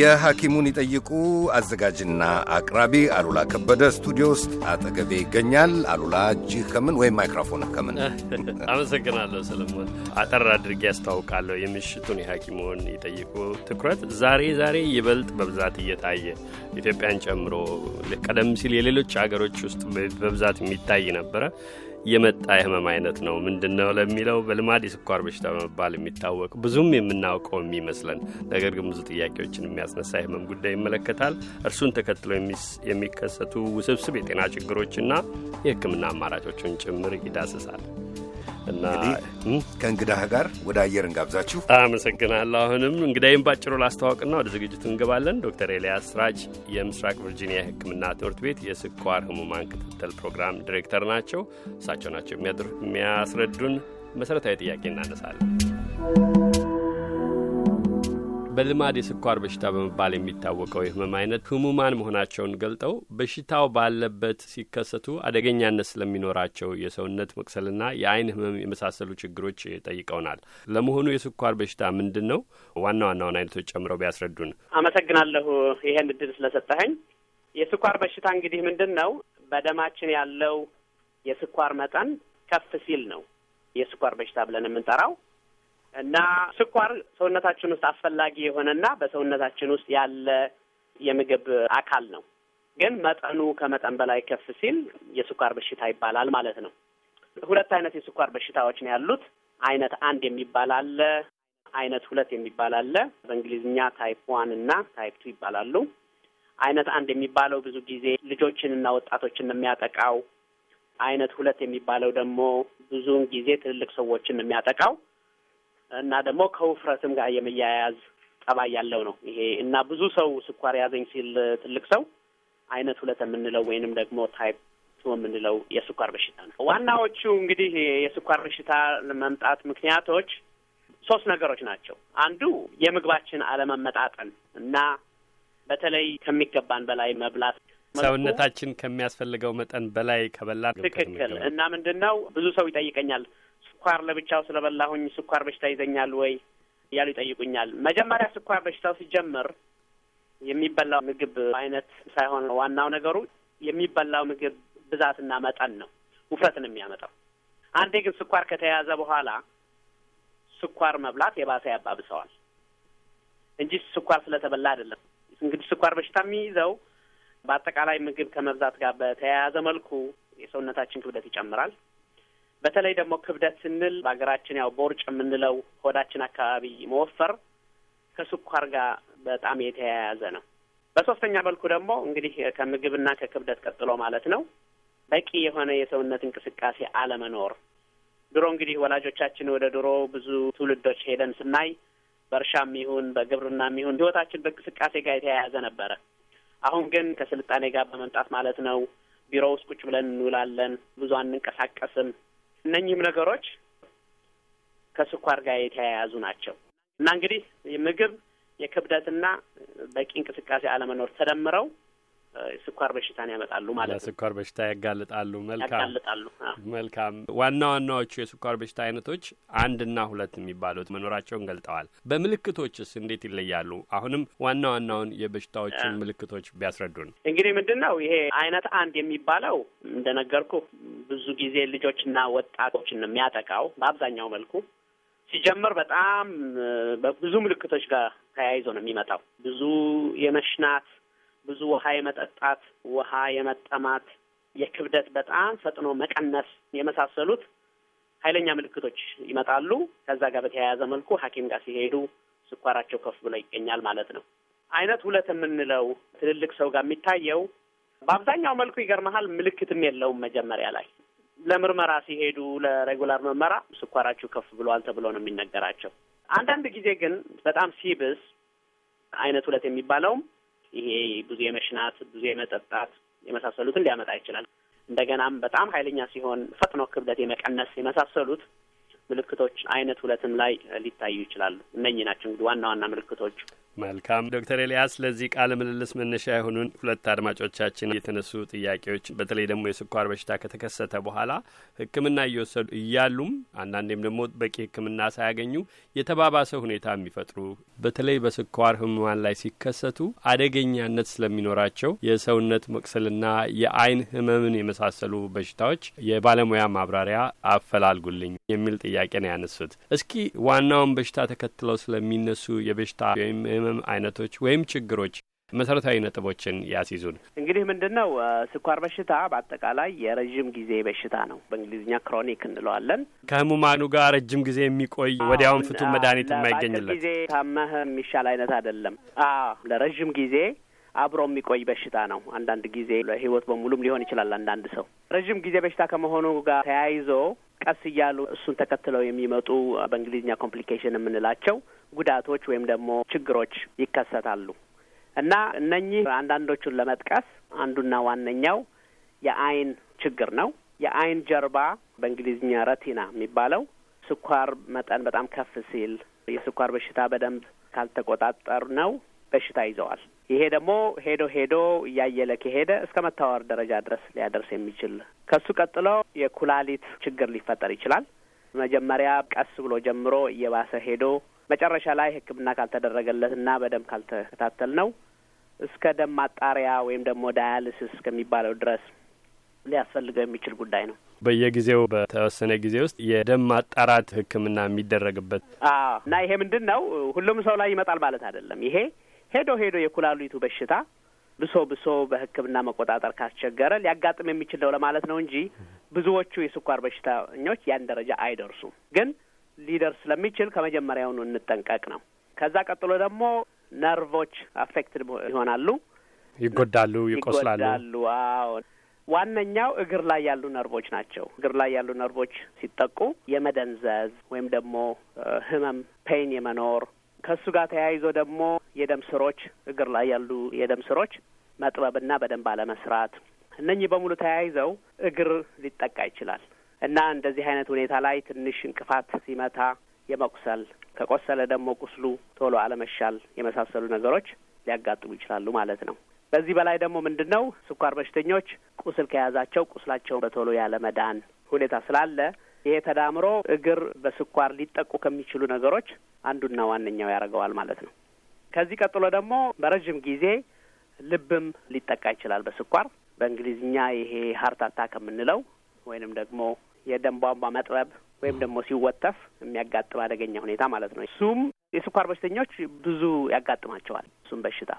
የሐኪሙን ይጠይቁ አዘጋጅና አቅራቢ አሉላ ከበደ ስቱዲዮ ውስጥ አጠገቤ ይገኛል። አሉላ እጅህ ከምን ወይም ማይክሮፎን ከምን? አመሰግናለሁ ሰለሞን። አጠር አድርጌ ያስታውቃለሁ የምሽቱን የሐኪሙን ይጠይቁ ትኩረት ዛሬ ዛሬ ይበልጥ በብዛት እየታየ ኢትዮጵያን ጨምሮ ቀደም ሲል የሌሎች ሀገሮች ውስጥ በብዛት የሚታይ ነበረ። የመጣ የህመም አይነት ነው። ምንድን ነው ለሚለው በልማድ የስኳር በሽታ በመባል የሚታወቅ ብዙም የምናውቀው የሚመስለን ነገር ግን ብዙ ጥያቄዎችን የሚያስነሳ የህመም ጉዳይ ይመለከታል። እርሱን ተከትሎ የሚከሰቱ ውስብስብ የጤና ችግሮችና የህክምና አማራጮችን ጭምር ይዳስሳል። እና ከእንግዳህ ጋር ወደ አየር እንጋብዛችሁ። አመሰግናለሁ። አሁንም እንግዳይም ባጭሩ ላስተዋወቅና ወደ ዝግጅቱ እንገባለን። ዶክተር ኤልያስ ስራጅ የምስራቅ ቨርጂኒያ ህክምና ትምህርት ቤት የስኳር ህሙማን ክትትል ፕሮግራም ዲሬክተር ናቸው። እሳቸው ናቸው የሚያስረዱን። መሰረታዊ ጥያቄ እናነሳለን። በልማድ የስኳር በሽታ በመባል የሚታወቀው የህመም አይነት ህሙማን መሆናቸውን ገልጠው በሽታው ባለበት ሲከሰቱ አደገኛነት ስለሚኖራቸው የሰውነት መቅሰልና የአይን ህመም የመሳሰሉ ችግሮች ጠይቀውናል። ለመሆኑ የስኳር በሽታ ምንድን ነው? ዋና ዋናውን አይነቶች ጨምረው ቢያስረዱን። አመሰግናለሁ ይሄን እድል ስለሰጠኸኝ። የስኳር በሽታ እንግዲህ ምንድን ነው? በደማችን ያለው የስኳር መጠን ከፍ ሲል ነው የስኳር በሽታ ብለን የምንጠራው እና ስኳር ሰውነታችን ውስጥ አስፈላጊ የሆነና በሰውነታችን ውስጥ ያለ የምግብ አካል ነው። ግን መጠኑ ከመጠን በላይ ከፍ ሲል የስኳር በሽታ ይባላል ማለት ነው። ሁለት አይነት የስኳር በሽታዎች ነው ያሉት። አይነት አንድ የሚባል አለ፣ አይነት ሁለት የሚባል አለ። በእንግሊዝኛ ታይፕ ዋን እና ታይፕ ቱ ይባላሉ። አይነት አንድ የሚባለው ብዙ ጊዜ ልጆችንና ወጣቶችን ነው የሚያጠቃው። አይነት ሁለት የሚባለው ደግሞ ብዙውን ጊዜ ትልልቅ ሰዎችን ነው የሚያጠቃው። እና ደግሞ ከውፍረትም ጋር የመያያዝ ጠባይ ያለው ነው ይሄ እና ብዙ ሰው ስኳር ያዘኝ ሲል ትልቅ ሰው አይነት ሁለት የምንለው ወይንም ደግሞ ታይፕ ቱ የምንለው የስኳር በሽታ ነው። ዋናዎቹ እንግዲህ የስኳር በሽታ ለመምጣት ምክንያቶች ሶስት ነገሮች ናቸው። አንዱ የምግባችን አለመመጣጠን እና በተለይ ከሚገባን በላይ መብላት ሰውነታችን ከሚያስፈልገው መጠን በላይ ከበላ ትክክል እና ምንድን ነው ብዙ ሰው ይጠይቀኛል ስኳር ለብቻው ስለበላሁኝ ስኳር በሽታ ይዘኛል ወይ እያሉ ይጠይቁኛል። መጀመሪያ ስኳር በሽታው ሲጀምር የሚበላው ምግብ አይነት ሳይሆን ዋናው ነገሩ የሚበላው ምግብ ብዛትና መጠን ነው ውፍረትን የሚያመጣው። አንዴ ግን ስኳር ከተያዘ በኋላ ስኳር መብላት የባሰ ያባብሰዋል እንጂ ስኳር ስለተበላ አይደለም። እንግዲህ ስኳር በሽታ የሚይዘው በአጠቃላይ ምግብ ከመብዛት ጋር በተያያዘ መልኩ የሰውነታችን ክብደት ይጨምራል። በተለይ ደግሞ ክብደት ስንል በሀገራችን ያው ቦርጭ የምንለው ሆዳችን አካባቢ መወፈር ከስኳር ጋር በጣም የተያያዘ ነው። በሶስተኛ መልኩ ደግሞ እንግዲህ ከምግብና ከክብደት ቀጥሎ ማለት ነው በቂ የሆነ የሰውነት እንቅስቃሴ አለመኖር። ድሮ እንግዲህ ወላጆቻችን ወደ ድሮ ብዙ ትውልዶች ሄደን ስናይ በእርሻም ይሁን በግብርናም ይሁን ህይወታችን በእንቅስቃሴ ጋር የተያያዘ ነበረ። አሁን ግን ከስልጣኔ ጋር በመምጣት ማለት ነው ቢሮ ውስጥ ቁጭ ብለን እንውላለን፣ ብዙ አንንቀሳቀስም። እነኚህም ነገሮች ከስኳር ጋር የተያያዙ ናቸው እና እንግዲህ ምግብ፣ የክብደትና በቂ እንቅስቃሴ አለመኖር ተደምረው ስኳር በሽታን ያመጣሉ ማለት ነው። ስኳር በሽታ ያጋልጣሉ። መልካም ያጋልጣሉ። መልካም። ዋና ዋናዎቹ የስኳር በሽታ አይነቶች አንድና ሁለት የሚባሉት መኖራቸውን ገልጠዋል። በምልክቶችስ እንዴት ይለያሉ? አሁንም ዋና ዋናውን የበሽታዎችን ምልክቶች ቢያስረዱን። እንግዲህ ምንድን ነው ይሄ አይነት አንድ የሚባለው እንደነገርኩ ብዙ ጊዜ ልጆችና ወጣቶችን የሚያጠቃው በአብዛኛው መልኩ ሲጀምር በጣም በብዙ ምልክቶች ጋር ተያይዞ ነው የሚመጣው። ብዙ የመሽናት፣ ብዙ ውሃ የመጠጣት፣ ውሃ የመጠማት፣ የክብደት በጣም ፈጥኖ መቀነስ የመሳሰሉት ኃይለኛ ምልክቶች ይመጣሉ። ከዛ ጋር በተያያዘ መልኩ ሐኪም ጋር ሲሄዱ ስኳራቸው ከፍ ብሎ ይገኛል ማለት ነው። አይነት ሁለት የምንለው ትልልቅ ሰው ጋር የሚታየው በአብዛኛው መልኩ ይገርመሃል፣ ምልክትም የለውም መጀመሪያ ላይ ለምርመራ ሲሄዱ ለሬጉላር ምርመራ ስኳራችሁ ከፍ ብሏል ተብሎ ነው የሚነገራቸው። አንዳንድ ጊዜ ግን በጣም ሲብስ አይነት ሁለት የሚባለውም ይሄ ብዙ የመሽናት ብዙ የመጠጣት የመሳሰሉትን ሊያመጣ ይችላል። እንደገናም በጣም ኃይለኛ ሲሆን ፈጥኖ ክብደት የመቀነስ የመሳሰሉት ምልክቶች አይነት ሁለትም ላይ ሊታዩ ይችላሉ። እነኚህ ናቸው እንግዲህ ዋና ዋና ምልክቶች። መልካም ዶክተር ኤልያስ ለዚህ ቃለ ምልልስ መነሻ የሆኑን ሁለት አድማጮቻችን የተነሱ ጥያቄዎች በተለይ ደግሞ የስኳር በሽታ ከተከሰተ በኋላ ሕክምና እየወሰዱ እያሉም አንዳንዴም ደግሞ በቂ ሕክምና ሳያገኙ የተባባሰ ሁኔታ የሚፈጥሩ በተለይ በስኳር ህሙማን ላይ ሲከሰቱ አደገኛነት ስለሚኖራቸው የሰውነት መቅሰልና የአይን ህመምን የመሳሰሉ በሽታዎች የባለሙያ ማብራሪያ አፈላልጉልኝ የሚል ጥያቄ ነው ያነሱት። እስኪ ዋናውን በሽታ ተከትለው ስለሚነሱ የበሽታ ወይም የህመም አይነቶች ወይም ችግሮች መሰረታዊ ነጥቦችን ያስይዙን። እንግዲህ ምንድን ነው ስኳር በሽታ በአጠቃላይ የረዥም ጊዜ በሽታ ነው። በእንግሊዝኛ ክሮኒክ እንለዋለን። ከህሙማኑ ጋር ረጅም ጊዜ የሚቆይ ወዲያውን ፍቱ መድኃኒት የማይገኝለት ጊዜ ታመህ የሚሻል አይነት አይደለም። ለረዥም ጊዜ አብሮ የሚቆይ በሽታ ነው። አንዳንድ ጊዜ ለህይወት በሙሉም ሊሆን ይችላል። አንዳንድ ሰው ረዥም ጊዜ በሽታ ከመሆኑ ጋር ተያይዞ ቀስ እያሉ እሱን ተከትለው የሚመጡ በእንግሊዝኛ ኮምፕሊኬሽን የምንላቸው ጉዳቶች ወይም ደግሞ ችግሮች ይከሰታሉ እና እነኚህ አንዳንዶቹን ለመጥቀስ አንዱና ዋነኛው የአይን ችግር ነው። የአይን ጀርባ በእንግሊዝኛ ረቲና የሚባለው ስኳር መጠን በጣም ከፍ ሲል የስኳር በሽታ በደንብ ካልተቆጣጠር ነው በሽታ ይዘዋል። ይሄ ደግሞ ሄዶ ሄዶ እያየለ ከሄደ እስከ መታወር ደረጃ ድረስ ሊያደርስ የሚችል ከሱ ቀጥሎ የኩላሊት ችግር ሊፈጠር ይችላል። መጀመሪያ ቀስ ብሎ ጀምሮ እየባሰ ሄዶ መጨረሻ ላይ ሕክምና እና በደም ካልተከታተል ነው እስከ ደም ማጣሪያ ወይም ደግሞ ዳያልሲስ እስከሚባለው ድረስ ሊያስፈልገው የሚችል ጉዳይ ነው። በየጊዜው በተወሰነ ጊዜ ውስጥ የደም ማጣራት ሕክምና የሚደረግበት እና ይሄ ምንድን ነው ሁሉም ሰው ላይ ይመጣል ማለት አይደለም። ይሄ ሄዶ ሄዶ የኩላሊቱ በሽታ ብሶ ብሶ በሕክምና መቆጣጠር ካስቸገረ ሊያጋጥም የሚችል ነው ለማለት ነው እንጂ ብዙዎቹ የስኳር በሽታኞች ያን ደረጃ አይደርሱም። ግን ሊደርስ ስለሚችል ከመጀመሪያውኑ እንጠንቀቅ ነው። ከዛ ቀጥሎ ደግሞ ነርቮች አፌክትድ ይሆናሉ፣ ይጎዳሉ፣ ይቆስላሉ። አዎ ዋነኛው እግር ላይ ያሉ ነርቮች ናቸው። እግር ላይ ያሉ ነርቮች ሲጠቁ የመደንዘዝ ወይም ደግሞ ህመም ፔን የመኖር ከእሱ ጋር ተያይዞ ደግሞ የደም ስሮች እግር ላይ ያሉ የደም ስሮች መጥበብና በደንብ አለመስራት እነኚህ በሙሉ ተያይዘው እግር ሊጠቃ ይችላል እና እንደዚህ አይነት ሁኔታ ላይ ትንሽ እንቅፋት ሲመታ የመቁሰል ከቆሰለ ደግሞ ቁስሉ ቶሎ አለመሻል የመሳሰሉ ነገሮች ሊያጋጥሙ ይችላሉ ማለት ነው። በዚህ በላይ ደግሞ ምንድን ነው ስኳር በሽተኞች ቁስል ከያዛቸው ቁስላቸውን በቶሎ ያለ መዳን ሁኔታ ስላለ ይሄ ተዳምሮ እግር በስኳር ሊጠቁ ከሚችሉ ነገሮች አንዱና ዋነኛው ያደርገዋል ማለት ነው። ከዚህ ቀጥሎ ደግሞ በረዥም ጊዜ ልብም ሊጠቃ ይችላል በስኳር በእንግሊዝኛ ይሄ ሀርት አታክ የምንለው ወይንም ደግሞ የደም ቧንቧ መጥበብ ወይም ደግሞ ሲወተፍ የሚያጋጥም አደገኛ ሁኔታ ማለት ነው። እሱም የስኳር በሽተኞች ብዙ ያጋጥማቸዋል እሱም በሽታ።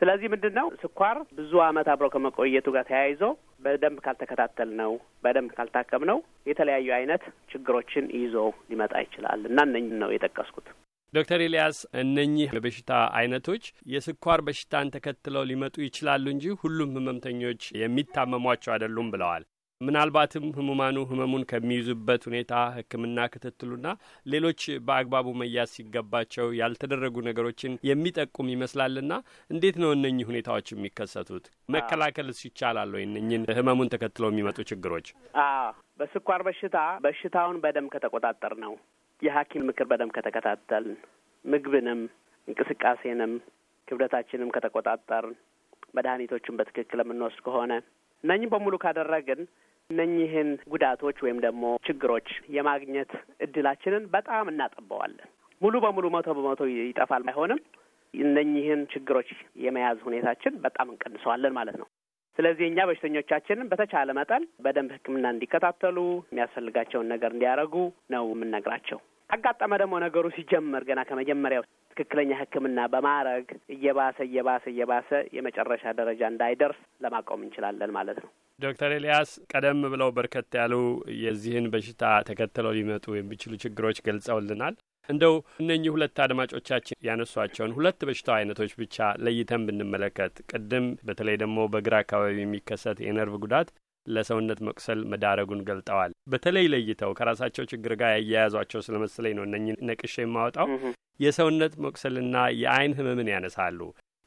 ስለዚህ ምንድን ነው ስኳር ብዙ አመት አብረው ከመቆየቱ ጋር ተያይዞ በደንብ ካልተከታተል ነው በደንብ ካልታከም ነው የተለያዩ አይነት ችግሮችን ይዞ ሊመጣ ይችላል እና እነኝን ነው የጠቀስኩት። ዶክተር ኤልያስ እነኚህ የበሽታ አይነቶች የስኳር በሽታን ተከትለው ሊመጡ ይችላሉ እንጂ ሁሉም ህመምተኞች የሚታመሟቸው አይደሉም ብለዋል። ምናልባትም ህሙማኑ ህመሙን ከሚይዙበት ሁኔታ ህክምና ክትትሉና ሌሎች በአግባቡ መያዝ ሲገባቸው ያልተደረጉ ነገሮችን የሚጠቁም ይመስላልና እንዴት ነው እነኚህ ሁኔታዎች የሚከሰቱት? መከላከልስ ይቻላል ወይ እነኝን ህመሙን ተከትለው የሚመጡ ችግሮች? አዎ፣ በስኳር በሽታ በሽታውን በደንብ ከተቆጣጠር ነው የሐኪም ምክር በደንብ ከተከታተል ምግብንም እንቅስቃሴንም ክብደታችንም ከተቆጣጠር መድኃኒቶችን በትክክል የምንወስድ ከሆነ እነኝም በሙሉ ካደረግን እነኚህን ጉዳቶች ወይም ደግሞ ችግሮች የማግኘት እድላችንን በጣም እናጠበዋለን። ሙሉ በሙሉ መቶ በመቶ ይጠፋል አይሆንም። እነኚህን ችግሮች የመያዝ ሁኔታችን በጣም እንቀንሰዋለን ማለት ነው። ስለዚህ እኛ በሽተኞቻችንን በተቻለ መጠን በደንብ ሕክምና እንዲከታተሉ የሚያስፈልጋቸውን ነገር እንዲያደርጉ ነው የምንነግራቸው። አጋጠመ ደግሞ ነገሩ ሲጀመር ገና ከመጀመሪያው ትክክለኛ ሕክምና በማድረግ እየባሰ እየባሰ እየባሰ የመጨረሻ ደረጃ እንዳይደርስ ለማቆም እንችላለን ማለት ነው። ዶክተር ኤልያስ ቀደም ብለው በርከት ያሉ የዚህን በሽታ ተከትለው ሊመጡ የሚችሉ ችግሮች ገልጸውልናል። እንደው እነኚህ ሁለት አድማጮቻችን ያነሷቸውን ሁለት በሽታ አይነቶች ብቻ ለይተን ብንመለከት፣ ቅድም በተለይ ደግሞ በግራ አካባቢ የሚከሰት የነርቭ ጉዳት ለሰውነት መቁሰል መዳረጉን ገልጠዋል። በተለይ ለይተው ከራሳቸው ችግር ጋር ያያያዟቸው ስለመሰለኝ ነው እነኝህ ነቅሼ የማወጣው። የሰውነት መቁሰልና የአይን ህመምን ያነሳሉ።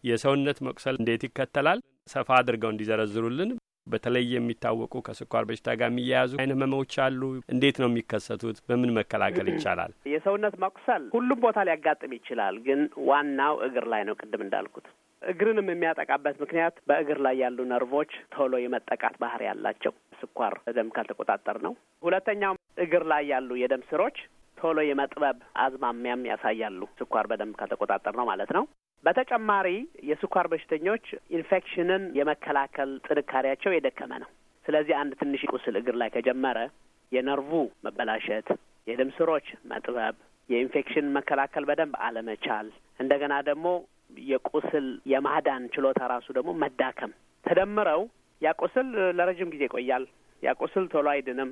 የሰውነት መቁሰል እንዴት ይከተላል? ሰፋ አድርገው እንዲዘረዝሩልን። በተለይ የሚታወቁ ከስኳር በሽታ ጋር የሚያያዙ አይን ህመሞች አሉ። እንዴት ነው የሚከሰቱት? በምን መከላከል ይቻላል? የሰውነት መቁሰል ሁሉም ቦታ ሊያጋጥም ይችላል፣ ግን ዋናው እግር ላይ ነው። ቅድም እንዳልኩት እግርንም የሚያጠቃበት ምክንያት በእግር ላይ ያሉ ነርቮች ቶሎ የመጠቃት ባህሪ ያላቸው ስኳር ደም ካልተቆጣጠር ነው። ሁለተኛው እግር ላይ ያሉ የደም ስሮች ቶሎ የመጥበብ አዝማሚያም ያሳያሉ ስኳር በደም ካልተቆጣጠር ነው ማለት ነው። በተጨማሪ የስኳር በሽተኞች ኢንፌክሽንን የመከላከል ጥንካሬያቸው የደከመ ነው። ስለዚህ አንድ ትንሽ ቁስል እግር ላይ ከጀመረ የነርቩ መበላሸት፣ የደም ስሮች መጥበብ፣ የኢንፌክሽን መከላከል በደንብ አለመቻል እንደገና ደግሞ የቁስል የማዳን ችሎታ ራሱ ደግሞ መዳከም ተደምረው ያ ቁስል ለረጅም ጊዜ ይቆያል። ያ ቁስል ቶሎ አይድንም።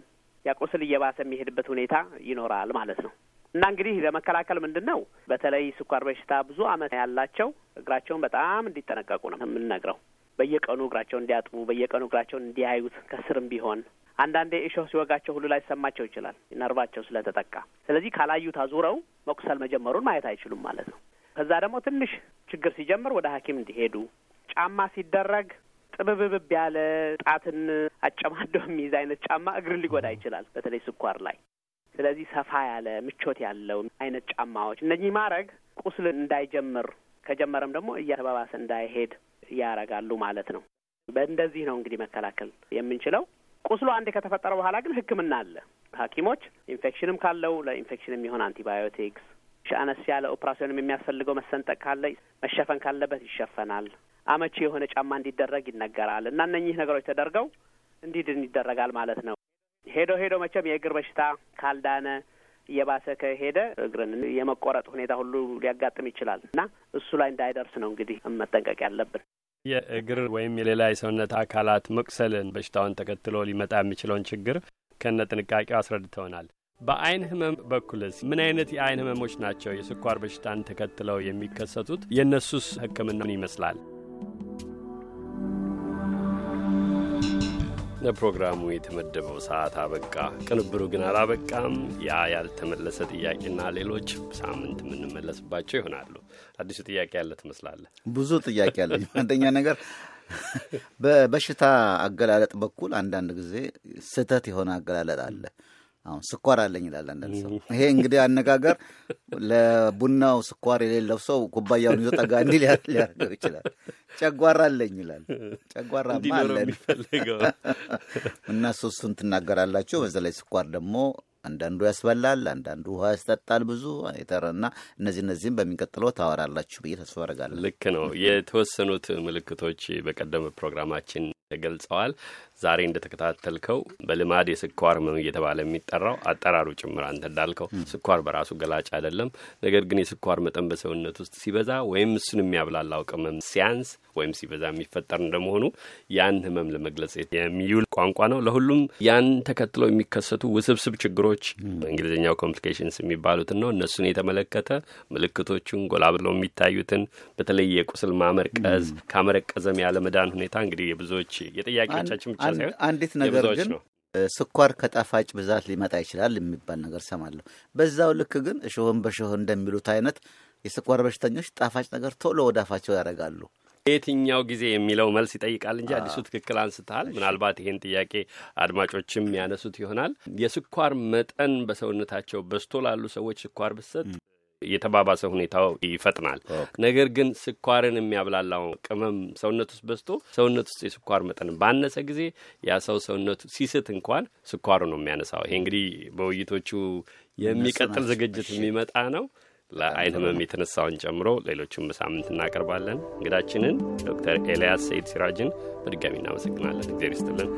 ያ ቁስል እየባሰ የሚሄድበት ሁኔታ ይኖራል ማለት ነው። እና እንግዲህ ለመከላከል ምንድን ነው በተለይ ስኳር በሽታ ብዙ አመት ያላቸው እግራቸውን በጣም እንዲጠነቀቁ ነው የምንነግረው። በየቀኑ እግራቸውን እንዲያጥቡ፣ በየቀኑ እግራቸውን እንዲያዩት ከስርም ቢሆን አንዳንዴ እሾህ ሲወጋቸው ሁሉ ላይ ሰማቸው ይችላል ነርቫቸው ስለተጠቃ። ስለዚህ ካላዩት አዙረው መቁሰል መጀመሩን ማየት አይችሉም ማለት ነው። ከዛ ደግሞ ትንሽ ችግር ሲጀምር ወደ ሐኪም እንዲሄዱ ጫማ ሲደረግ ጥብብብብ ያለ ጣትን አጨማደው የሚይዝ አይነት ጫማ እግርን ሊጎዳ ይችላል፣ በተለይ ስኳር ላይ። ስለዚህ ሰፋ ያለ ምቾት ያለው አይነት ጫማዎች እነዚህ ማድረግ ቁስል እንዳይጀምር ከጀመረም ደግሞ እያተባባሰ እንዳይሄድ ያረጋሉ ማለት ነው። በእንደዚህ ነው እንግዲህ መከላከል የምንችለው። ቁስሉ አንዴ ከተፈጠረ በኋላ ግን ሕክምና አለ። ሐኪሞች ኢንፌክሽንም ካለው ለኢንፌክሽን የሚሆን አንቲባዮቲክስ አነስ ያለ ኦፕራሲዮንም የሚያስፈልገው መሰንጠቅ ካለ መሸፈን ካለበት ይሸፈናል። አመቺ የሆነ ጫማ እንዲደረግ ይነገራል። እና እነኚህ ነገሮች ተደርገው እንዲድን ይደረጋል ማለት ነው። ሄዶ ሄዶ መቼም የእግር በሽታ ካልዳነ እየባሰ ከሄደ እግርን የመቆረጥ ሁኔታ ሁሉ ሊያጋጥም ይችላል እና እሱ ላይ እንዳይደርስ ነው እንግዲህ መጠንቀቅ ያለብን። የእግር ወይም የሌላ የሰውነት አካላት መቁሰልን በሽታውን ተከትሎ ሊመጣ የሚችለውን ችግር ከነ ጥንቃቄው አስረድተውናል። በአይን ህመም በኩልስ ምን አይነት የአይን ህመሞች ናቸው የስኳር በሽታን ተከትለው የሚከሰቱት? የእነሱስ ህክምና ምን ይመስላል? ለፕሮግራሙ የተመደበው ሰዓት አበቃ። ቅንብሩ ግን አላበቃም። ያ ያልተመለሰ ጥያቄና ሌሎች ሳምንት የምንመለስባቸው ይሆናሉ። አዲሱ ጥያቄ ያለ ትመስላለህ። ብዙ ጥያቄ አለ። አንደኛ ነገር በበሽታ አገላለጥ በኩል አንዳንድ ጊዜ ስህተት የሆነ አገላለጥ አለ። አሁን ስኳር አለኝ ይላል አንዳንድ ሰው። ይሄ እንግዲህ አነጋገር ለቡናው ስኳር የሌለው ሰው ኩባያውን ይዞ ጠጋ እንዲ ሊያደርገው ይችላል። ጨጓራ አለኝ ይላል። ጨጓራማ አለን እና ሶስቱን ትናገራላችሁ። በዛ ላይ ስኳር ደግሞ አንዳንዱ ያስበላል፣ አንዳንዱ ውሃ ያስጠጣል። ብዙ የተረና እነዚህ እነዚህም በሚቀጥለው ታወራላችሁ ብዬ ተስፋ አደርጋለሁ። ልክ ነው። የተወሰኑት ምልክቶች በቀደመ ፕሮግራማችን ተገልጸዋል። ዛሬ እንደተከታተልከው በልማድ የስኳር ህመም እየተባለ የሚጠራው አጠራሩ ጭምር አንተ እንዳልከው ስኳር በራሱ ገላጭ አይደለም። ነገር ግን የስኳር መጠን በሰውነት ውስጥ ሲበዛ ወይም እሱን የሚያብላላው ቅመም ሲያንስ ወይም ሲበዛ የሚፈጠር እንደመሆኑ ያን ህመም ለመግለጽ የሚውል ቋንቋ ነው። ለሁሉም ያን ተከትለው የሚከሰቱ ውስብስብ ችግሮች በእንግሊዝኛው ኮምፕሊኬሽንስ የሚባሉትን ነው። እነሱን የተመለከተ ምልክቶቹን፣ ጎላ ብለው የሚታዩትን በተለይ የቁስል ማመርቀዝ፣ ካመረቀዘም ያለመዳን ሁኔታ እንግዲህ የብዙዎች የጥያቄዎቻችን ብቻ አንዲት ነገር ግን ስኳር ከጣፋጭ ብዛት ሊመጣ ይችላል የሚባል ነገር ሰማለሁ። በዛው ልክ ግን እሾህን በሾህ እንደሚሉት አይነት የስኳር በሽተኞች ጣፋጭ ነገር ቶሎ ወዳፋቸው ያደርጋሉ። የትኛው ጊዜ የሚለው መልስ ይጠይቃል እንጂ አዲሱ ትክክል አንስተሃል። ምናልባት ይህን ጥያቄ አድማጮችም ያነሱት ይሆናል። የስኳር መጠን በሰውነታቸው በስቶ ላሉ ሰዎች ስኳር ብትሰጥ የተባባሰ ሁኔታው ይፈጥናል። ነገር ግን ስኳርን የሚያብላላው ቅመም ሰውነት ውስጥ በዝቶ ሰውነት ውስጥ የስኳር መጠን ባነሰ ጊዜ ያ ሰው ሰውነቱ ሲስት እንኳን ስኳሩ ነው የሚያነሳው። ይሄ እንግዲህ በውይይቶቹ የሚቀጥል ዝግጅት የሚመጣ ነው። ለአይን ህመም የተነሳውን ጨምሮ ሌሎቹን በሳምንት እናቀርባለን። እንግዳችንን ዶክተር ኤልያስ ሰይድ ሲራጅን በድጋሚ እናመሰግናለን። እግዜር ይስጥልን።